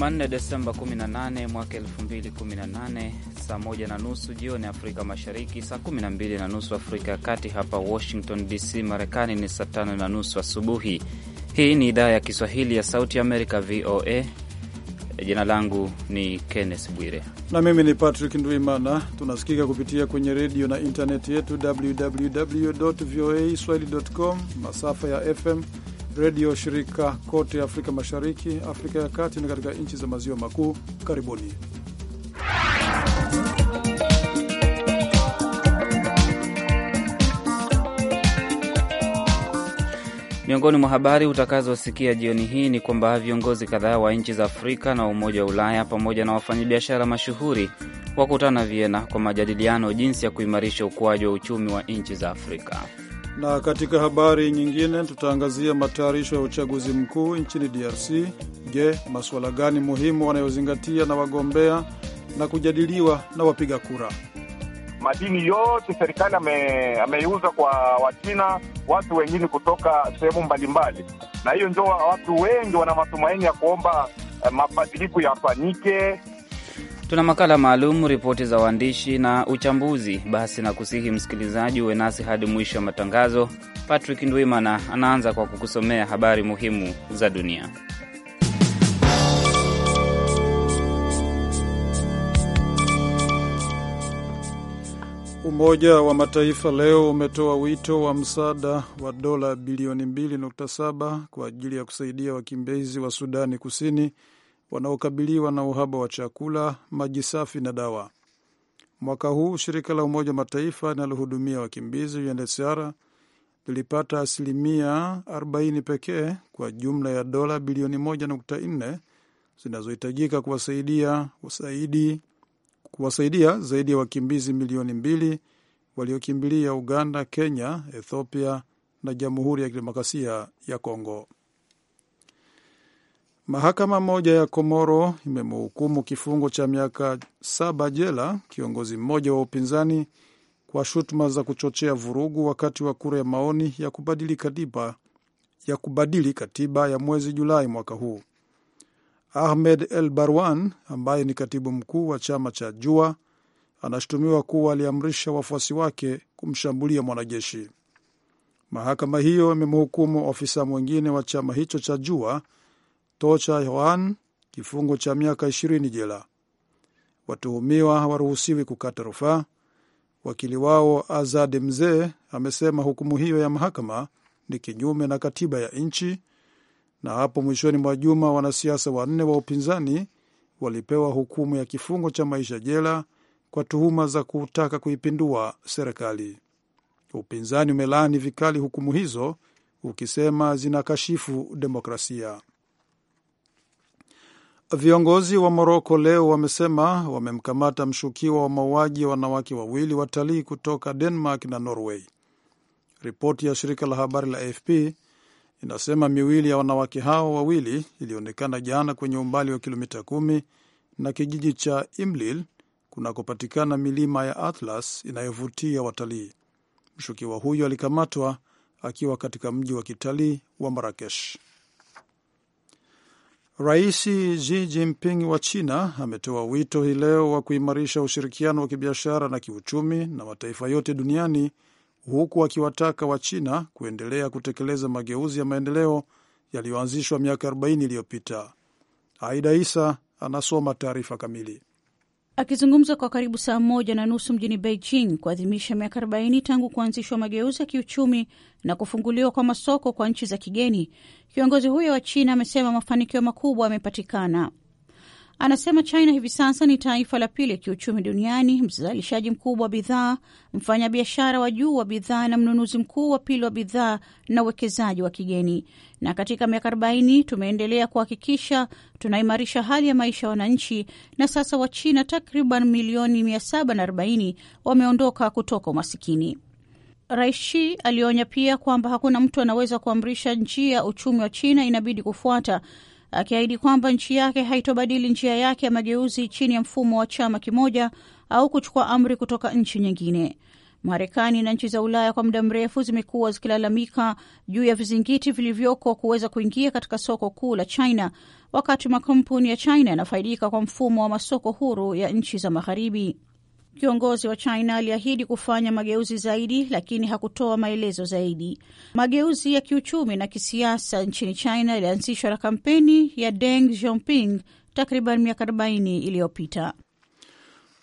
Jumanne, Desemba 18 mwaka 2018, saa moja na nusu jioni Afrika Mashariki, saa 12 na nusu Afrika ya Kati. Hapa Washington DC, Marekani ni saa tano na nusu asubuhi. Hii ni idhaa ya Kiswahili ya Sauti ya Amerika, VOA. Jina langu ni Kenneth Bwire na mimi ni Patrick Ndwimana. Tunasikika kupitia kwenye redio na intaneti yetu www voa swahili com, masafa ya FM redio shirika kote Afrika Mashariki, Afrika ya Kati na katika nchi za maziwa makuu. Karibuni. Miongoni mwa habari utakazosikia jioni hii ni kwamba viongozi kadhaa wa nchi za Afrika na Umoja wa Ulaya pamoja na wafanyabiashara mashuhuri wakutana Vienna kwa majadiliano jinsi ya kuimarisha ukuaji wa uchumi wa nchi za Afrika. Na katika habari nyingine, tutaangazia matayarisho ya uchaguzi mkuu nchini DRC. Je, masuala gani muhimu wanayozingatia na wagombea na kujadiliwa na wapiga kura? Madini yote serikali ameiuza kwa Wachina, watu wengine kutoka sehemu mbalimbali, na hiyo ndio watu wengi wana matumaini ya kuomba eh, mabadiliko yafanyike Tuna makala maalum, ripoti za waandishi na uchambuzi. Basi na kusihi msikilizaji uwe nasi hadi mwisho wa matangazo. Patrick Ndwimana anaanza kwa kukusomea habari muhimu za dunia. Umoja wa Mataifa leo umetoa wito wa msaada wa dola bilioni 2.7 kwa ajili ya kusaidia wakimbizi wa Sudani Kusini wanaokabiliwa na uhaba wa chakula, maji safi na dawa. Mwaka huu shirika la Umoja wa Mataifa linalohudumia wakimbizi UNHCR lilipata asilimia 40 pekee kwa jumla ya dola bilioni 1.4 zinazohitajika kuwasaidia wasaidi, kuwasaidia zaidi ya wakimbizi milioni mbili waliokimbilia Uganda, Kenya, Ethiopia na Jamhuri ya Kidemokrasia ya Kongo. Mahakama moja ya Komoro imemhukumu kifungo cha miaka saba jela kiongozi mmoja wa upinzani kwa shutuma za kuchochea vurugu wakati wa kura ya maoni ya kubadili katiba ya kubadili katiba ya mwezi Julai mwaka huu. Ahmed El Barwan ambaye ni katibu mkuu wa chama cha Jua anashutumiwa kuwa aliamrisha wafuasi wake kumshambulia mwanajeshi. Mahakama hiyo imemhukumu ofisa mwingine wa chama hicho cha Jua Tocha Yohan kifungo cha miaka ishirini jela. Watuhumiwa hawaruhusiwi kukata rufaa. Wakili wao Azad Mzee amesema hukumu hiyo ya mahakama ni kinyume na katiba ya nchi. Na hapo mwishoni mwa juma wanasiasa wanne wa upinzani walipewa hukumu ya kifungo cha maisha jela kwa tuhuma za kutaka kuipindua serikali. Upinzani umelaani vikali hukumu hizo ukisema zinakashifu demokrasia. Viongozi wa Moroko leo wamesema wamemkamata mshukiwa wa mauaji ya wanawake wawili watalii kutoka Denmark na Norway. Ripoti ya shirika la habari la AFP inasema miwili ya wanawake hao wawili ilionekana jana kwenye umbali wa kilomita kumi na kijiji cha Imlil kunakopatikana milima ya Atlas inayovutia watalii. Mshukiwa huyo alikamatwa akiwa katika mji wa kitalii wa Marakesh. Rais Xi Jinping wa China ametoa wito hii leo wa kuimarisha ushirikiano wa kibiashara na kiuchumi na mataifa yote duniani huku akiwataka wa China kuendelea kutekeleza mageuzi ya maendeleo yaliyoanzishwa miaka 40 iliyopita. Aida Isa anasoma taarifa kamili. Akizungumza kwa karibu saa moja na nusu mjini Beijing kuadhimisha miaka 40 tangu kuanzishwa mageuzi ya kiuchumi na kufunguliwa kwa masoko kwa nchi za kigeni, kiongozi huyo wa China amesema mafanikio makubwa yamepatikana. Anasema China hivi sasa ni taifa la pili kiuchumi duniani, mzalishaji mkubwa wa bidhaa, mfanyabiashara wa juu wa bidhaa, na mnunuzi mkuu wa pili wa bidhaa na uwekezaji wa kigeni, na katika miaka arobaini tumeendelea kuhakikisha tunaimarisha hali ya maisha ya wananchi, na sasa Wachina takriban milioni arobaini wameondoka kutoka umasikini. Rais Xi alionya pia kwamba hakuna mtu anaweza kuamrisha njia uchumi wa China inabidi kufuata, akiahidi kwamba nchi yake haitobadili njia yake ya mageuzi chini ya mfumo wa chama kimoja au kuchukua amri kutoka nchi nyingine. Marekani na nchi za Ulaya kwa muda mrefu zimekuwa zikilalamika juu ya vizingiti vilivyoko kuweza kuingia katika soko kuu la China, wakati makampuni ya China yanafaidika kwa mfumo wa masoko huru ya nchi za Magharibi. Kiongozi wa China aliahidi kufanya mageuzi zaidi, lakini hakutoa maelezo zaidi. Mageuzi ya kiuchumi na kisiasa nchini China yalianzishwa na kampeni ya Deng Xiaoping takriban miaka 40 iliyopita.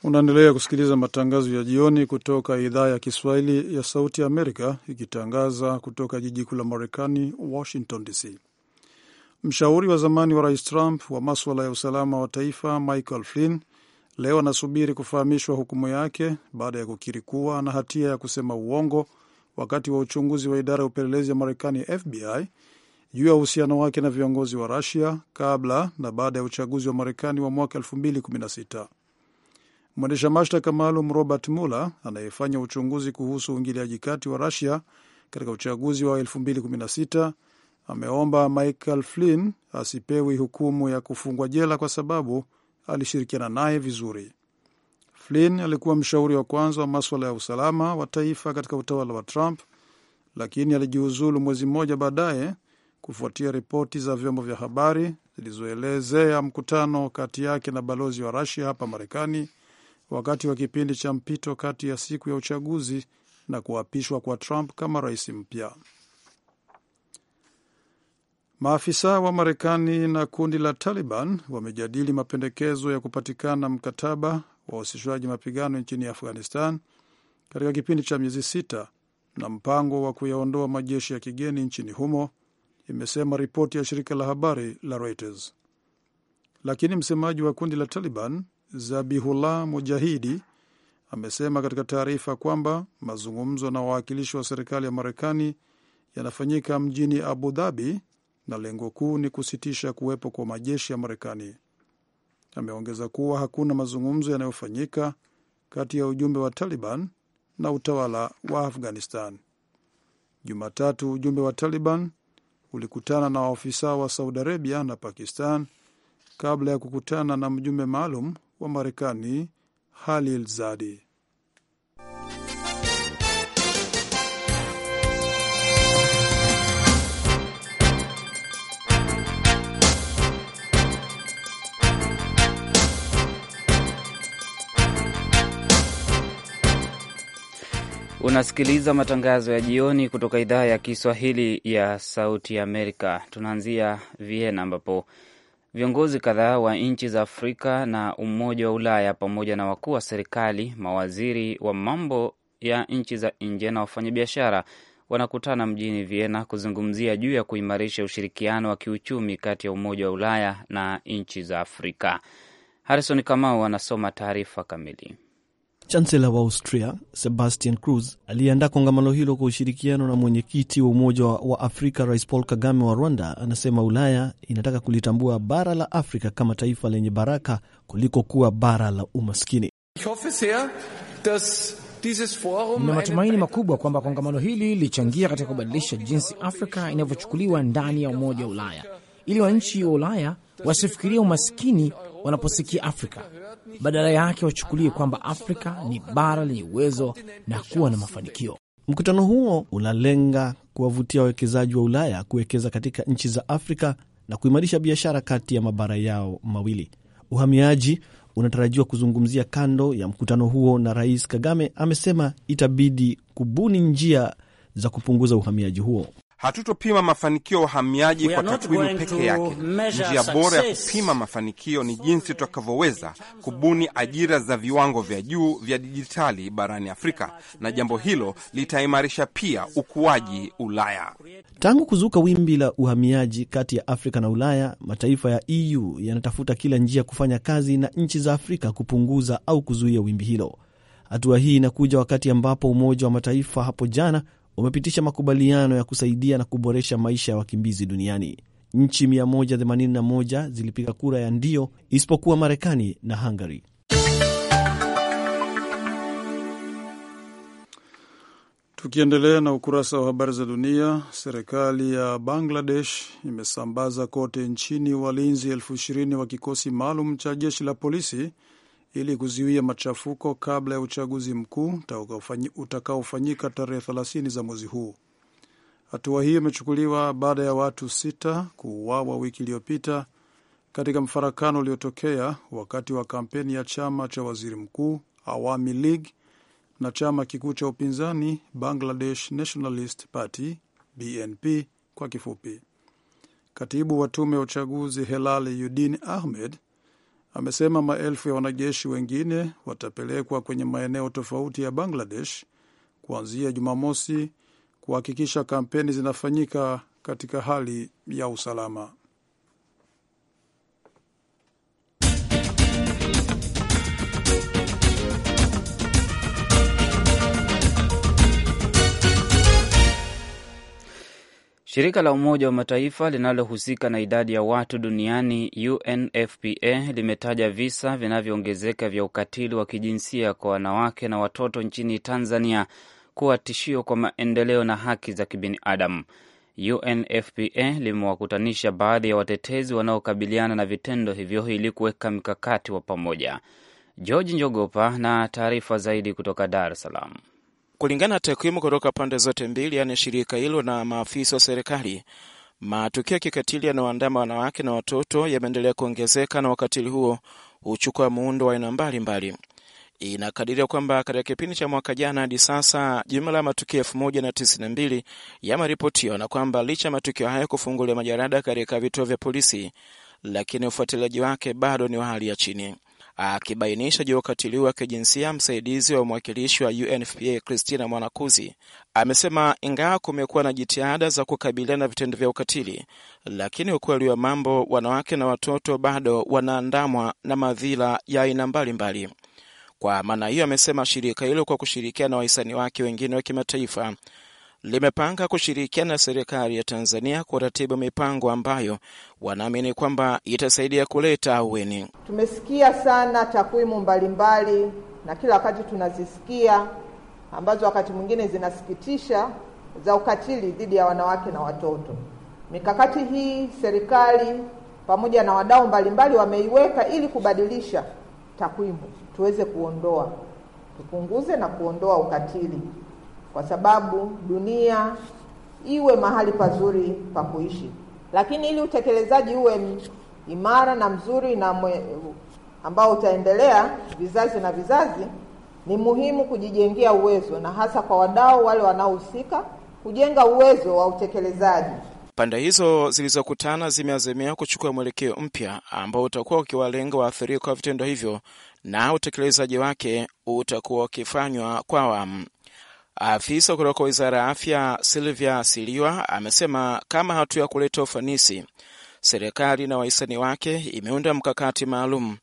Unaendelea kusikiliza matangazo ya jioni kutoka idhaa ya Kiswahili ya Sauti Amerika ikitangaza kutoka jiji kuu la Marekani, Washington DC. Mshauri wa zamani wa Rais Trump wa maswala ya usalama wa taifa Michael Flynn leo anasubiri kufahamishwa hukumu yake baada ya kukiri kuwa ana hatia ya kusema uongo wakati wa uchunguzi wa idara ya upelelezi ya Marekani FBI juu ya uhusiano wake na viongozi wa Rusia kabla na baada ya uchaguzi wa Marekani wa mwaka 2016. Mwendesha mashtaka maalum Robert Mueller anayefanya uchunguzi kuhusu uingiliaji kati wa Rusia katika uchaguzi wa 2016 ameomba Michael Flynn asipewi hukumu ya kufungwa jela kwa sababu alishirikiana naye vizuri. Flynn alikuwa mshauri wa kwanza wa maswala ya usalama wa taifa katika utawala wa Trump, lakini alijiuzulu mwezi mmoja baadaye kufuatia ripoti za vyombo vya habari zilizoelezea mkutano kati yake na balozi wa Rusia hapa Marekani wakati wa kipindi cha mpito kati ya siku ya uchaguzi na kuapishwa kwa Trump kama rais mpya. Maafisa wa Marekani na kundi la Taliban wamejadili mapendekezo ya kupatikana mkataba wa usishwaji mapigano nchini Afghanistan katika kipindi cha miezi sita na mpango wa kuyaondoa majeshi ya kigeni nchini humo, imesema ripoti ya shirika la habari la Reuters. Lakini msemaji wa kundi la Taliban Zabihullah Mujahidi amesema katika taarifa kwamba mazungumzo na wawakilishi wa serikali ya Marekani yanafanyika mjini Abu Dhabi na lengo kuu ni kusitisha kuwepo kwa majeshi ya Marekani. Ameongeza kuwa hakuna mazungumzo yanayofanyika kati ya ujumbe wa Taliban na utawala wa Afghanistan. Jumatatu, ujumbe wa Taliban ulikutana na waafisa wa Saudi Arabia na Pakistan kabla ya kukutana na mjumbe maalum wa Marekani Halil Zadi. Unasikiliza matangazo ya jioni kutoka idhaa ya Kiswahili ya Sauti ya Amerika. Tunaanzia Vienna ambapo Viongozi kadhaa wa nchi za Afrika na Umoja wa Ulaya pamoja na wakuu wa serikali, mawaziri wa mambo ya nchi za nje na wafanyabiashara wanakutana mjini Vienna kuzungumzia juu ya kuimarisha ushirikiano wa kiuchumi kati ya Umoja wa Ulaya na nchi za Afrika. Harrison Kamau anasoma taarifa kamili. Chansela wa Austria Sebastian Kurz aliyeandaa kongamano hilo kwa ushirikiano na mwenyekiti wa Umoja wa Afrika Rais Paul Kagame wa Rwanda anasema Ulaya inataka kulitambua bara la Afrika kama taifa lenye baraka kuliko kuwa bara la umaskini. Nina matumaini makubwa kwamba kongamano hili lilichangia katika kubadilisha jinsi Afrika inavyochukuliwa ndani ya Umoja wa Ulaya ili wananchi wa Ulaya wasifikiria umaskini wanaposikia Afrika. Badala yake wachukulie kwamba Afrika ni bara lenye uwezo na kuwa na mafanikio. Mkutano huo unalenga kuwavutia wawekezaji wa Ulaya kuwekeza katika nchi za Afrika na kuimarisha biashara kati ya mabara yao mawili. Uhamiaji unatarajiwa kuzungumzia kando ya mkutano huo, na Rais Kagame amesema itabidi kubuni njia za kupunguza uhamiaji huo. Hatutopima mafanikio ya uhamiaji kwa takwimu peke yake. Njia bora ya kupima mafanikio ni jinsi tutakavyoweza kubuni ajira za viwango vya juu vya dijitali barani Afrika, na jambo hilo litaimarisha pia ukuaji Ulaya. Tangu kuzuka wimbi la uhamiaji kati ya Afrika na Ulaya, mataifa ya EU yanatafuta kila njia kufanya kazi na nchi za Afrika kupunguza au kuzuia wimbi hilo. Hatua hii inakuja wakati ambapo Umoja wa Mataifa hapo jana umepitisha makubaliano ya kusaidia na kuboresha maisha ya wakimbizi duniani. Nchi 181 zilipiga kura ya ndio, isipokuwa Marekani na Hungary. Tukiendelea na ukurasa wa habari za dunia, serikali ya Bangladesh imesambaza kote nchini walinzi elfu ishirini wa kikosi maalum cha jeshi la polisi ili kuzuia machafuko kabla ya uchaguzi mkuu utakaofanyika tarehe 30 za mwezi huu. Hatua hiyo imechukuliwa baada ya watu sita kuuawa wiki iliyopita katika mfarakano uliotokea wakati wa kampeni ya chama cha waziri mkuu Awami League na chama kikuu cha upinzani Bangladesh Nationalist Party BNP kwa kifupi. Katibu wa tume ya uchaguzi Helal Yudin Ahmed amesema maelfu ya wanajeshi wengine watapelekwa kwenye maeneo tofauti ya Bangladesh kuanzia Jumamosi kuhakikisha kampeni zinafanyika katika hali ya usalama. Shirika la Umoja wa Mataifa linalohusika na idadi ya watu duniani UNFPA limetaja visa vinavyoongezeka vya ukatili wa kijinsia kwa wanawake na watoto nchini Tanzania kuwa tishio kwa maendeleo na haki za kibinadamu. UNFPA limewakutanisha baadhi ya watetezi wanaokabiliana na vitendo hivyo ili kuweka mkakati wa pamoja. George Njogopa na taarifa zaidi kutoka Dar es Salaam. Kulingana na takwimu kutoka pande zote mbili, yaani shirika hilo na maafisa wa serikali, matukio ya kikatili yanayoandama wanawake na watoto yameendelea kuongezeka, na wakatili huo huchukua muundo wa aina mbalimbali. Inakadiria kwamba katika kipindi cha mwaka jana hadi sasa jumla ya matukio elfu moja na tisini na mbili yameripotiwa, na kwamba licha ya matukio haya kufungulia majarada katika vituo vya polisi, lakini ufuatiliaji wake bado ni wa hali ya chini akibainisha juu ya ukatili wa kijinsia. Msaidizi wa mwakilishi wa UNFPA Christina Mwanakuzi amesema ingawa kumekuwa na jitihada za kukabiliana na vitendo vya ukatili, lakini ukweli wa mambo, wanawake na watoto bado wanaandamwa na madhila ya aina mbalimbali. Kwa maana hiyo, amesema shirika hilo kwa kushirikiana na wahisani wake wengine wa kimataifa limepanga kushirikiana na serikali ya Tanzania kuratibu mipango ambayo wanaamini kwamba itasaidia kuleta aweni. Tumesikia sana takwimu mbalimbali na kila wakati tunazisikia, ambazo wakati mwingine zinasikitisha, za ukatili dhidi ya wanawake na watoto. Mikakati hii serikali pamoja na wadau mbalimbali wameiweka ili kubadilisha takwimu, tuweze kuondoa, tupunguze na kuondoa ukatili kwa sababu dunia iwe mahali pazuri pa kuishi, lakini ili utekelezaji uwe imara na mzuri na mwe, ambao utaendelea vizazi na vizazi, ni muhimu kujijengea uwezo na hasa kwa wadau wale wanaohusika kujenga uwezo wa utekelezaji. Pande hizo zilizokutana zimeazimia kuchukua mwelekeo mpya ambao utakuwa ukiwalenga waathirika wa vitendo hivyo na utekelezaji wake utakuwa ukifanywa kwa awamu. Afisa kutoka wizara ya afya Silvia Siliwa amesema kama hatua ya kuleta ufanisi, serikali na wahisani wake imeunda mkakati maalum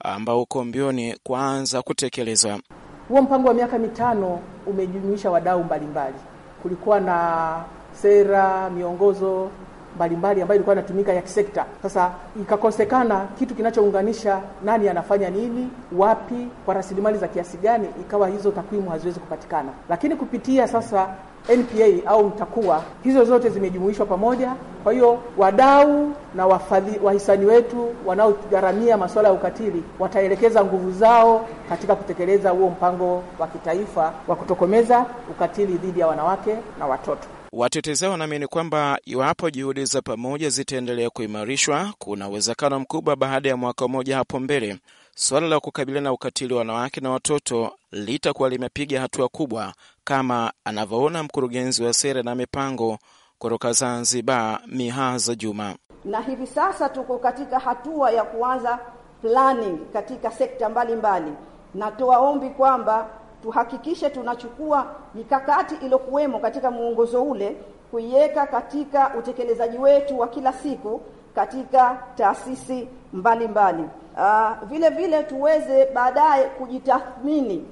ambao uko mbioni kuanza kutekelezwa. Huo mpango wa miaka mitano umejumuisha wadau mbalimbali, kulikuwa na sera, miongozo mbalimbali ambayo ilikuwa inatumika ya kisekta. Sasa ikakosekana kitu kinachounganisha nani anafanya nini wapi kwa rasilimali za kiasi gani, ikawa hizo takwimu haziwezi kupatikana. Lakini kupitia sasa NPA au mtakuwa hizo zote zimejumuishwa pamoja. Kwa hiyo wadau na wafadhi, wahisani wetu wanaogharamia masuala ya ukatili wataelekeza nguvu zao katika kutekeleza huo mpango wa kitaifa wa kutokomeza ukatili dhidi ya wanawake na watoto. Watetezi wanaamini kwamba iwapo juhudi za pamoja zitaendelea kuimarishwa, kuna uwezekano mkubwa baada ya mwaka mmoja hapo mbele suala la kukabiliana na ukatili wa wanawake na watoto litakuwa limepiga hatua kubwa, kama anavyoona mkurugenzi wa sera na mipango kutoka Zanzibar, Mihaza Juma. Na hivi sasa tuko katika hatua ya kuanza planning katika sekta mbalimbali. Natoa ombi kwamba tuhakikishe tunachukua mikakati iliyokuwemo katika muongozo ule kuiweka katika utekelezaji wetu wa kila siku katika taasisi mbalimbali. mbali. Ah, vile vile tuweze baadaye kujitathmini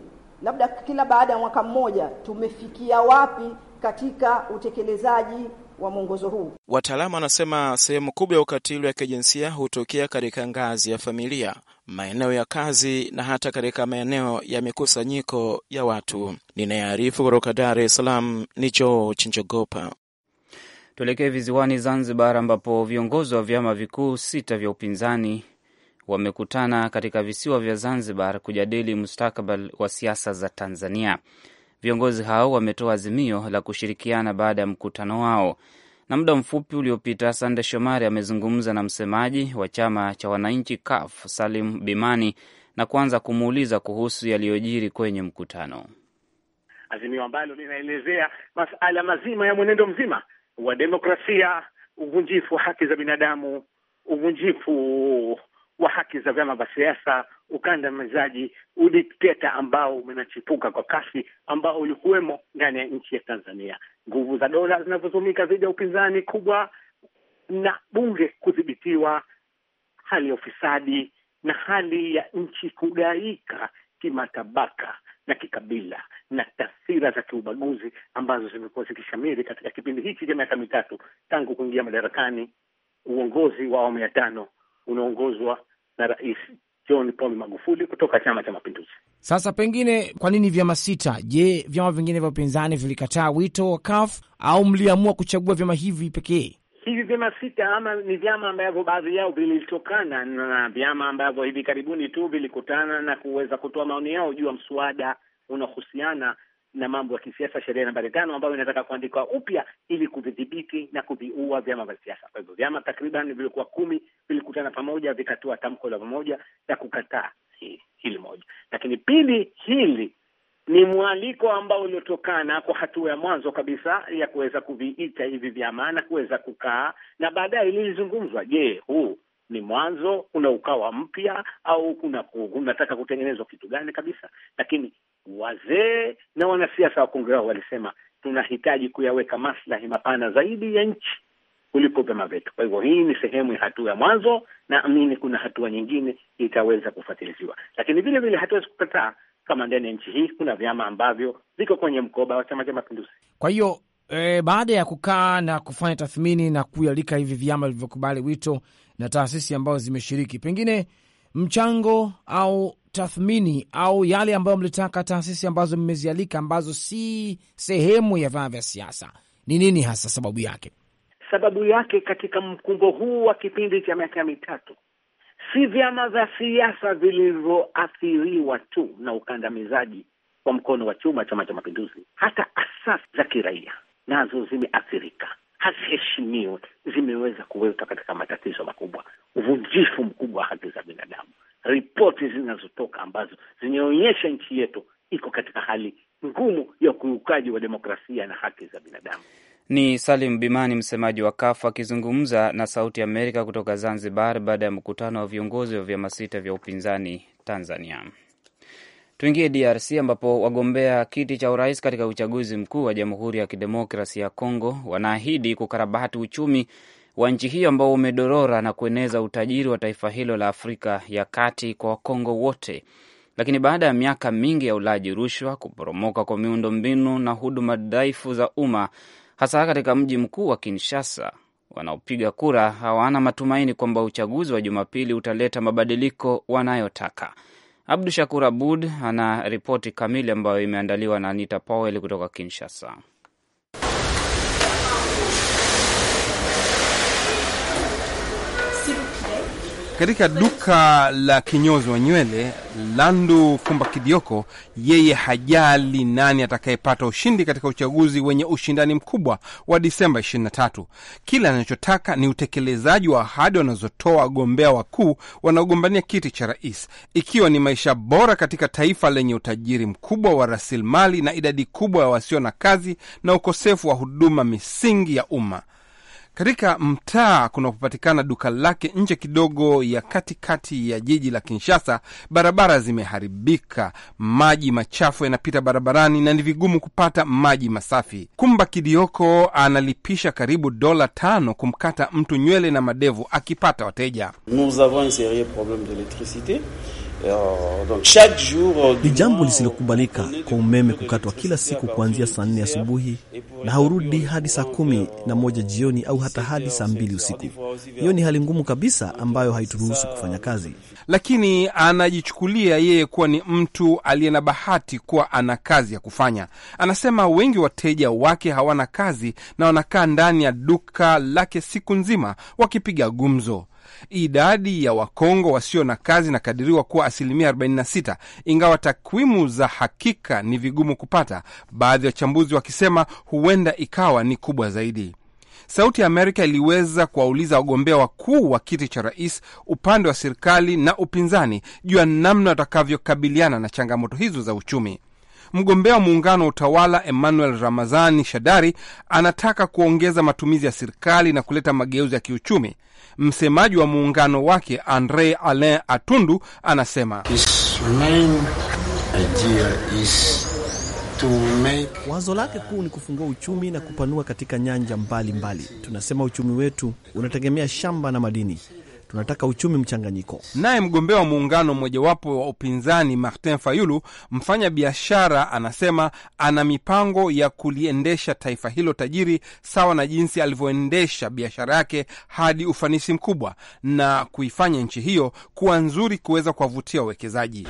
labda kila baada ya mwaka mmoja tumefikia wapi katika utekelezaji wa mwongozo huu. Wataalamu wanasema sehemu kubwa ya ukatili wa kijinsia hutokea katika ngazi ya familia, maeneo ya kazi na hata katika maeneo ya mikusanyiko ya watu. Ninayearifu kutoka Dar es Salaam ni George Njogopa. Tuelekee viziwani Zanzibar, ambapo viongozi wa vyama vikuu sita vya upinzani wamekutana katika visiwa vya Zanzibar kujadili mustakabali wa siasa za Tanzania. Viongozi hao wametoa azimio la kushirikiana baada ya mkutano wao. Na muda mfupi uliopita, Sande Shomari amezungumza na msemaji wa chama cha wananchi CUF Salim Bimani na kuanza kumuuliza kuhusu yaliyojiri kwenye mkutano. Azimio ambalo linaelezea masala mazima ya mwenendo mzima wa demokrasia, uvunjifu wa haki za binadamu, uvunjifu wa haki za vyama vya siasa ukandamizaji, udikteta ambao umenachipuka kwa kasi, ambao ulikuwemo ndani ya nchi ya Tanzania, nguvu za dola zinazotumika dhidi ya upinzani kubwa na bunge kudhibitiwa, hali ya ufisadi na hali ya nchi kugaika kimatabaka na kikabila na taswira za kiubaguzi ambazo zimekuwa zikishamiri katika kipindi hiki cha miaka mitatu tangu kuingia madarakani uongozi wa awamu ya tano unaongozwa na Rais John Paul Magufuli kutoka Chama cha Mapinduzi. Sasa pengine kwa nini vyama sita? Je, vyama vingine vya upinzani vilikataa wito wa CUF au mliamua kuchagua vyama hivi pekee? Hivi vyama sita ama ni vyama ambavyo baadhi yao vilitokana na vyama ambavyo hivi karibuni tu vilikutana na kuweza kutoa maoni yao juu ya mswada unaohusiana na mambo ya kisiasa, sheria nambari tano ambayo inataka kuandikwa upya ili kuvidhibiti na kuviua vyama vya siasa. Kwa hivyo vyama takriban vilikuwa kumi vilikutana pamoja, vikatoa tamko la pamoja la kukataa hili moja. Lakini pili, hili ni mwaliko ambao uliotokana kwa hatua ya mwanzo kabisa ya kuweza kuviita hivi vyama na kuweza kukaa, na baadaye lilizungumzwa, je, huu ni mwanzo kuna ukawa mpya au kuna unataka kutengenezwa kitu gani kabisa? Lakini wazee na wanasiasa wa kongwe walisema tunahitaji kuyaweka maslahi mapana zaidi ya nchi kuliko vyama vyetu. Kwa hivyo hii ni sehemu ya hatua ya mwanzo, naamini kuna hatua nyingine itaweza kufuatiliziwa, lakini vile vile hatuwezi kukataa kama ndani ya nchi hii kuna vyama ambavyo viko kwenye mkoba wa Chama cha Mapinduzi. Kwa hiyo e, baada ya kukaa na kufanya tathmini na kuyalika hivi vyama vilivyokubali wito na taasisi ambazo zimeshiriki, pengine mchango au tathmini au yale ambayo mlitaka taasisi ambazo mmezialika ambazo si sehemu ya vyama vya siasa ni nini hasa sababu yake? Sababu yake katika mkungo huu wa kipindi cha miaka mitatu, si vyama vya siasa vilivyoathiriwa tu na ukandamizaji kwa mkono wa chuma Chama cha Mapinduzi, hata asasi za kiraia nazo zimeathirika haziheshimiwe zimeweza kuweka katika matatizo makubwa, uvunjifu mkubwa wa haki za binadamu. Ripoti zinazotoka ambazo zinaonyesha nchi yetu iko katika hali ngumu ya ukiukaji wa demokrasia na haki za binadamu. Ni Salim Bimani, msemaji wa Kafu, akizungumza na Sauti Amerika kutoka Zanzibar baada ya mkutano wa viongozi wa vyama sita vya upinzani Tanzania. Tuingie DRC ambapo wagombea kiti cha urais katika uchaguzi mkuu wa Jamhuri ya Kidemokrasi ya Kongo wanaahidi kukarabati uchumi wa nchi hiyo ambao umedorora na kueneza utajiri wa taifa hilo la Afrika ya Kati kwa Wakongo wote. Lakini baada ya miaka mingi ya ulaji rushwa, kuporomoka kwa miundo mbinu na huduma dhaifu za umma, hasa katika mji mkuu wa Kinshasa, wanaopiga kura hawana matumaini kwamba uchaguzi wa Jumapili utaleta mabadiliko wanayotaka. Abdu Shakur Abud ana ripoti kamili ambayo imeandaliwa na Anita Powell kutoka Kinshasa. Katika duka la kinyozi wa nywele Landu Kumba Kidioko, yeye hajali nani atakayepata ushindi katika uchaguzi wenye ushindani mkubwa wa Disemba 23. Kila anachotaka ni utekelezaji wa ahadi wanazotoa wagombea wakuu wanaogombania kiti cha rais, ikiwa ni maisha bora katika taifa lenye utajiri mkubwa wa rasilimali na idadi kubwa ya wasio na kazi na ukosefu wa huduma misingi ya umma. Katika mtaa kunapopatikana duka lake nje kidogo ya katikati kati ya jiji la Kinshasa, barabara zimeharibika, maji machafu yanapita barabarani na ni vigumu kupata maji masafi. Kumba Kidioko analipisha karibu dola tano kumkata mtu nywele na madevu akipata wateja. Nous avons Euh, ni jambo lisilokubalika kwa umeme kukatwa kila siku kuanzia saa nne asubuhi na haurudi hadi saa kumi euh, na moja jioni au hata hadi saa mbili usiku. Hiyo ni hali ngumu kabisa ambayo haituruhusu kufanya kazi, lakini anajichukulia yeye kuwa ni mtu aliye na bahati kuwa ana kazi ya kufanya. Anasema wengi wateja wake hawana kazi na wanakaa ndani ya duka lake siku nzima wakipiga gumzo. Idadi ya Wakongo wasio na kazi inakadiriwa kuwa asilimia 46, ingawa takwimu za hakika ni vigumu kupata, baadhi ya wachambuzi wakisema huenda ikawa ni kubwa zaidi. Sauti ya Amerika iliweza kuwauliza wagombea wakuu wa kiti cha rais upande wa serikali na upinzani juu ya namna watakavyokabiliana na changamoto hizo za uchumi mgombea wa muungano wa utawala Emmanuel Ramazani Shadari anataka kuongeza matumizi ya serikali na kuleta mageuzi ya kiuchumi. Msemaji wa muungano wake Andre Alain Atundu anasema Make... wazo lake kuu ni kufungua uchumi na kupanua katika nyanja mbalimbali mbali. Tunasema uchumi wetu unategemea shamba na madini, tunataka uchumi mchanganyiko. Naye mgombea wa muungano mmojawapo wa upinzani Martin Fayulu, mfanya biashara, anasema ana mipango ya kuliendesha taifa hilo tajiri sawa na jinsi alivyoendesha biashara yake hadi ufanisi mkubwa na kuifanya nchi hiyo kuwa nzuri kuweza kuwavutia wawekezaji.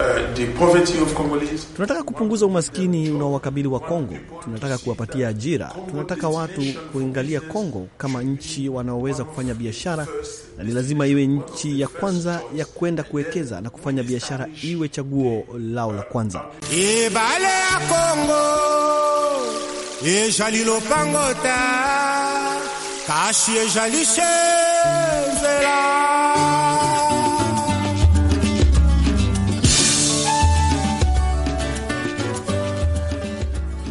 Uh, tunataka kupunguza umaskini unaowakabili wa Kongo, tunataka kuwapatia ajira, tunataka watu kuingalia Kongo kama nchi wanaoweza kufanya biashara, na ni lazima iwe nchi ya kwanza ya kwenda kuwekeza na kufanya biashara, iwe chaguo lao la kwanza. Ibale ya Kongo kashi ejalishe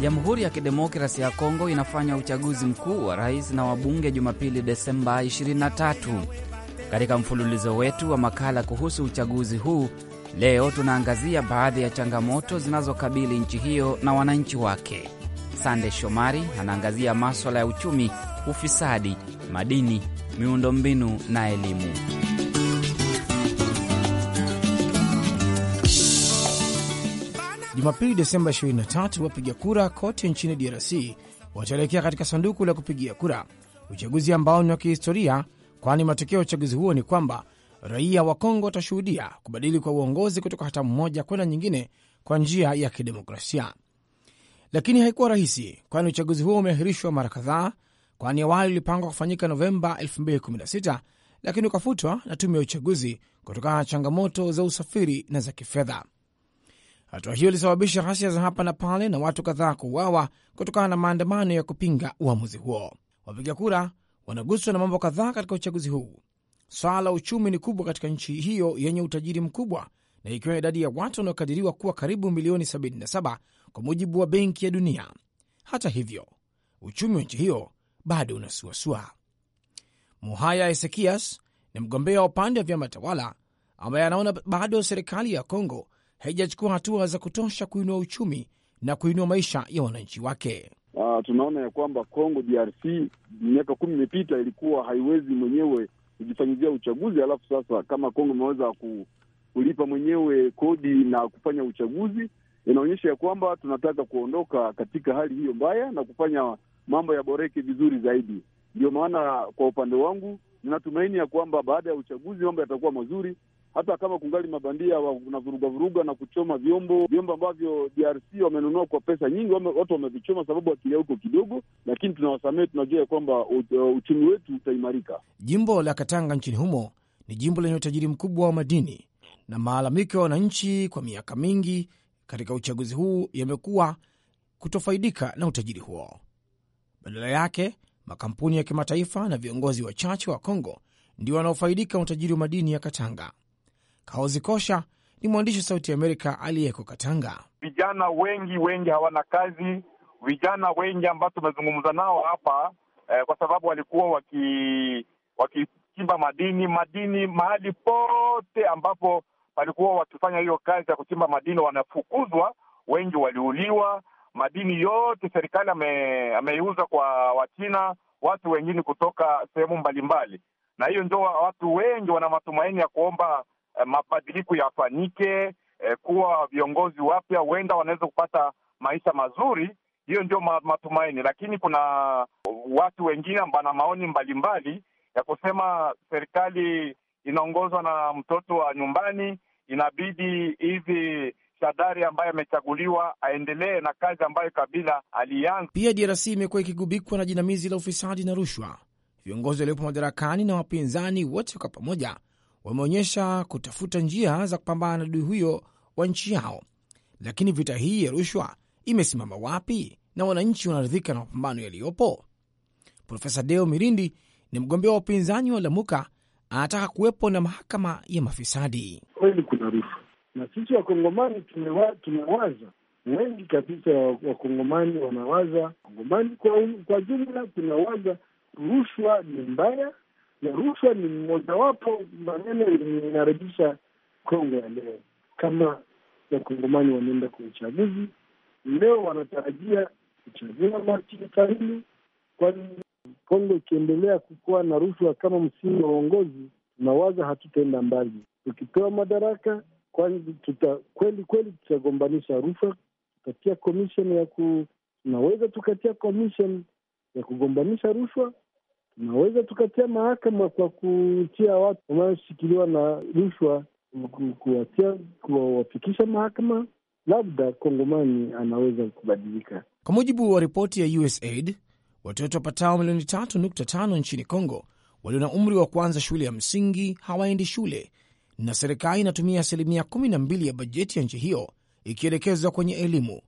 Jamhuri ya Kidemokrasi ya Kongo inafanya uchaguzi mkuu wa rais na wabunge Jumapili, Desemba 23. Katika mfululizo wetu wa makala kuhusu uchaguzi huu, leo tunaangazia baadhi ya changamoto zinazokabili nchi hiyo na wananchi wake. Sande Shomari anaangazia maswala ya uchumi, ufisadi, madini, miundombinu na elimu. Jumapili Desemba 23 wapiga kura kote nchini DRC wataelekea katika sanduku la kupigia kura, uchaguzi ambao ni wa kihistoria, kwani matokeo ya uchaguzi huo ni kwamba raia wa Kongo watashuhudia kubadili kwa uongozi kutoka hatamu moja kwenda nyingine kwa njia ya kidemokrasia. Lakini haikuwa rahisi, kwani uchaguzi huo umeahirishwa mara kadhaa, kwani awali ulipangwa kufanyika Novemba 2016 lakini ukafutwa na tume ya uchaguzi kutokana na changamoto za usafiri na za kifedha. Hatua hiyo ilisababisha ghasia za hapa na pale na watu kadhaa kuuawa kutokana na maandamano ya kupinga uamuzi huo. Wapiga kura wanaguswa na mambo kadhaa katika uchaguzi huu. Swala la uchumi ni kubwa katika nchi hiyo yenye utajiri mkubwa, na ikiwa idadi ya watu wanaokadiriwa kuwa karibu milioni 77 kwa mujibu wa Benki ya Dunia. Hata hivyo, uchumi wa nchi hiyo bado unasuasua. Muhaya Esekias ni mgombea wa upande wa vyama tawala ambaye anaona bado serikali ya Kongo haijachukua hatua za kutosha kuinua uchumi na kuinua maisha ya wananchi wake. Uh, tunaona ya kwamba Congo DRC miaka kumi imepita ilikuwa haiwezi mwenyewe kujifanyizia uchaguzi, alafu sasa kama Kongo imeweza kulipa mwenyewe kodi na kufanya uchaguzi, inaonyesha ya kwamba tunataka kuondoka katika hali hiyo mbaya na kufanya mambo yaboreke vizuri zaidi. Ndio maana kwa upande wangu ninatumaini ya kwamba baada ya uchaguzi mambo yatakuwa mazuri hata kama kungali mabandia wanavuruga vuruga na kuchoma vyombo vyombo ambavyo DRC wamenunua kwa pesa nyingi, watu wamevichoma sababu akilia huko kidogo, lakini tunawasamehe, tunajua ya kwamba uchumi wetu utaimarika. Jimbo la Katanga nchini humo ni jimbo lenye utajiri mkubwa wa madini na maalamiko ya wananchi kwa miaka mingi katika uchaguzi huu yamekuwa kutofaidika na utajiri huo. Badala yake makampuni ya kimataifa na viongozi wachache wa Kongo ndio wanaofaidika na utajiri wa madini ya Katanga. Kaozi Kosha ni mwandishi wa Sauti ya Amerika aliyeko Katanga. Vijana wengi wengi hawana kazi, vijana wengi ambao tumezungumza nao hapa eh, kwa sababu walikuwa waki wakichimba madini madini mahali pote ambapo walikuwa wakifanya hiyo kazi ya kuchimba madini, wanafukuzwa, wengi waliuliwa. Madini yote serikali ameiuza kwa Wachina, watu wengine kutoka sehemu mbalimbali, na hiyo ndio watu wengi wana matumaini ya kuomba Eh, mabadiliko yafanyike, eh, kuwa viongozi wapya huenda wanaweza kupata maisha mazuri. Hiyo ndio matumaini, lakini kuna watu wengine na maoni mbalimbali ya kusema serikali inaongozwa na mtoto wa nyumbani, inabidi hivi Shadari ambaye amechaguliwa aendelee na kazi ambayo Kabila alianza. Pia DRC imekuwa ikigubikwa na jinamizi la ufisadi na rushwa. Viongozi waliopo madarakani na wapinzani wote kwa pamoja wameonyesha kutafuta njia za kupambana na adui huyo wa nchi yao. Lakini vita hii ya rushwa imesimama wapi na wananchi wanaridhika na mapambano yaliyopo? Profesa Deo Mirindi ni mgombea wa upinzani wa Lamuka, anataka kuwepo na mahakama ya mafisadi. Kweli kuna rushwa, na sisi wakongomani tumewa, tumewaza wengi kabisa, wakongomani wanawaza, wakongomani kwa, kwa jumla tunawaza rushwa ni mbaya ya rushwa ni mmojawapo maneno inarejesha Kongo ya leo. Kama wakongomani wanaenda kwa uchaguzi leo, wanatarajia kuchagua Machi hili, kwani Kongo ikiendelea kukuwa na rushwa kama msingi wa uongozi, tunawaza hatutaenda mbali. Tukipewa madaraka, kwani tuta kweli kweli tutagombanisha rushwa, tutatia komishen ya ku tunaweza tukatia komishen ya kugombanisha rushwa tunaweza tukatia mahakama kwa kutia watu wanaoshikiliwa na rushwa, kuwatia kuwafikisha mahakama, labda Kongomani anaweza kubadilika. Kwa mujibu wa ripoti ya USAID, watoto wapatao milioni tatu nukta tano nchini congo walio na umri wa kwanza shule ya msingi hawaendi shule, na serikali inatumia asilimia 12 ya bajeti ya nchi hiyo ikielekezwa kwenye elimu.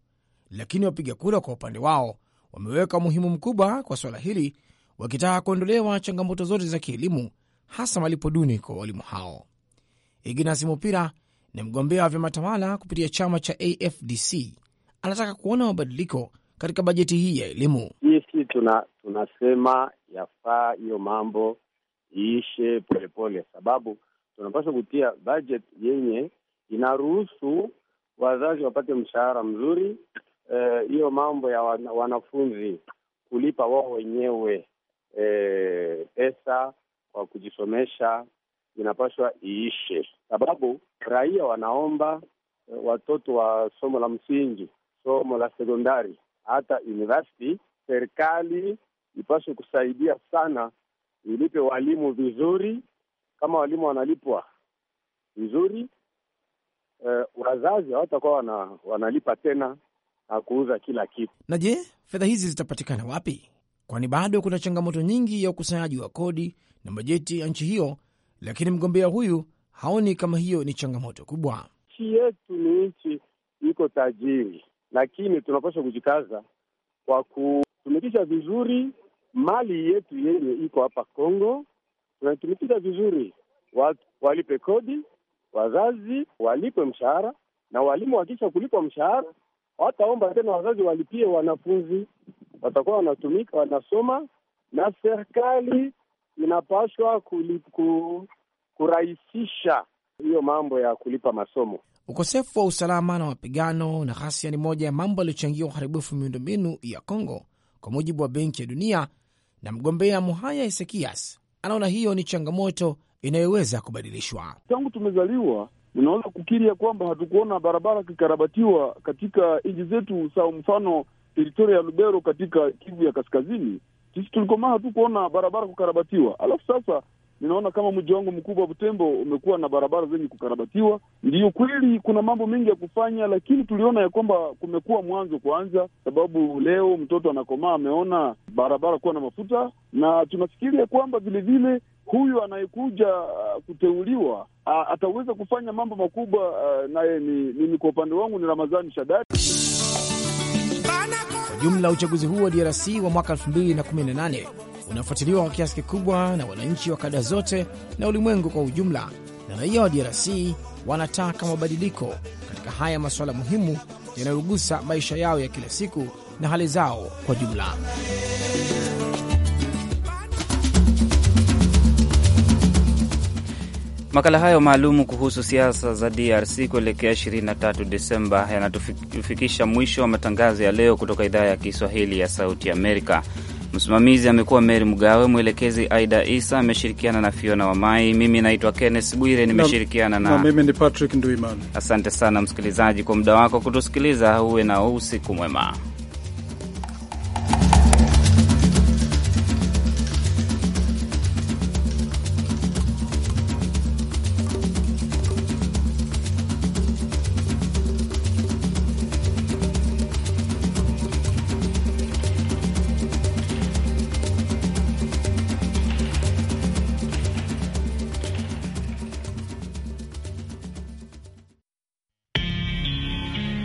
Lakini wapiga kura kwa upande wao wameweka umuhimu mkubwa kwa suala hili wakitaka kuondolewa changamoto zote za kielimu, hasa malipo duni kwa walimu hao. Ignas Mupira ni mgombea wa vyama tawala kupitia chama cha AFDC, anataka kuona mabadiliko katika bajeti hii ya elimu. Sisi tuna, tunasema yafaa hiyo mambo iishe polepole, sababu tunapaswa kutia bajeti yenye inaruhusu wazazi wapate mshahara mzuri. Eh, hiyo uh, mambo ya wan, wanafunzi kulipa wao wenyewe Eh, pesa kwa kujisomesha inapaswa iishe, sababu raia wanaomba eh, watoto wa somo la msingi, somo la sekondari, hata university. Serikali ipaswe kusaidia sana, ilipe walimu vizuri, kama walimu wanalipwa vizuri eh, wazazi hawatakuwa wana, wanalipa tena na kuuza kila kitu. Na je, fedha hizi zitapatikana wapi? kwani bado kuna changamoto nyingi ya ukusanyaji wa kodi na bajeti ya nchi hiyo, lakini mgombea huyu haoni kama hiyo ni changamoto kubwa. Nchi yetu ni nchi iko tajiri, lakini tunapaswa kujikaza kwa kutumikisha vizuri mali yetu yenye iko hapa Kongo. Tunaitumikisha vizuri, watu walipe kodi, wazazi walipe mshahara, na walimu wakisha kulipwa mshahara wataomba tena wazazi walipie wanafunzi watakuwa wanatumika, wanasoma na serikali inapaswa kurahisisha hiyo mambo ya kulipa masomo. Ukosefu wa usalama na mapigano na ghasia ni moja ya mambo yaliyochangia uharibifu miundombinu ya Kongo kwa mujibu wa Benki ya Dunia, na mgombea Muhaya Esekias anaona hiyo ni changamoto inayoweza kubadilishwa. Tangu tumezaliwa unaweza kukiria kwamba hatukuona barabara kikarabatiwa katika nchi zetu, sawa mfano teritoria ya Lubero katika Kivu ya kaskazini, sisi tulikomaa tu kuona barabara kukarabatiwa. Alafu sasa ninaona kama mji wangu mkubwa wa Butembo umekuwa na barabara zenye kukarabatiwa. Ndiyo kweli kuna mambo mengi ya kufanya, lakini tuliona ya kwamba kumekuwa mwanzo kwanza, sababu leo mtoto anakomaa ameona barabara kuwa na mafuta, na tunafikiri ya kwamba vilevile huyu anayekuja uh, kuteuliwa uh, ataweza kufanya mambo makubwa. Uh, naye ni, ni, ni kwa upande wangu ni Ramadhani Shadari. Kwa jumla uchaguzi huu wa DRC wa mwaka 2018 unafuatiliwa kwa kiasi kikubwa na wananchi wa kada zote na ulimwengu kwa ujumla, na raia wa DRC wanataka mabadiliko katika haya masuala muhimu yanayogusa maisha yao ya kila siku na hali zao kwa jumla. Makala hayo maalumu kuhusu siasa za DRC kuelekea 23 Desemba yanatufikisha mwisho wa matangazo ya leo kutoka idhaa ya Kiswahili ya Sauti Amerika. Msimamizi amekuwa Meri Mgawe, mwelekezi Aida Isa ameshirikiana na Fiona Wamai. Mimi naitwa kennes Bwire, nimeshirikiana na mimi ni Patrick Nduimana. Asante sana msikilizaji kwa muda wako kutusikiliza. Uwe na usiku mwema.